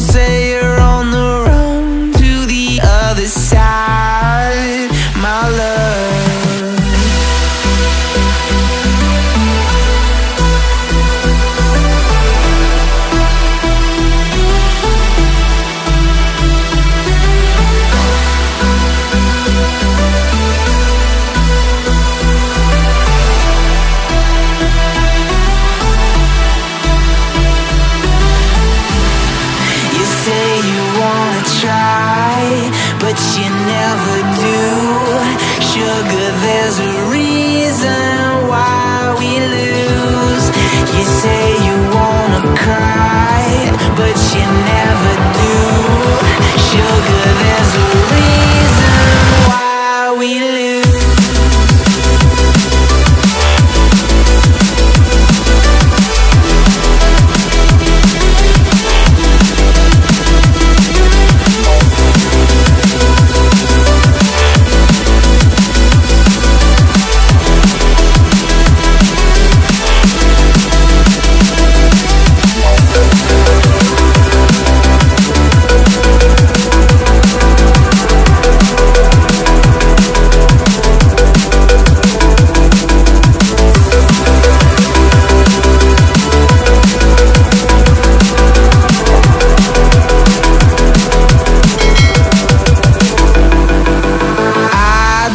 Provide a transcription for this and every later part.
don't say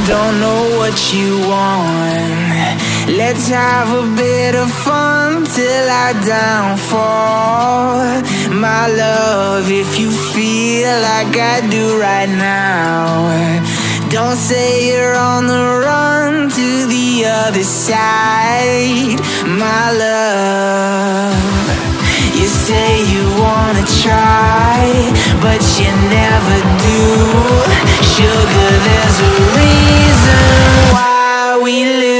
don't know what you want. Let's have a bit of fun till I downfall. My love, if you feel like I do right now, don't say you're on the run to the other side. My love. You say you wanna try, but you never do. Sugar, there's a we live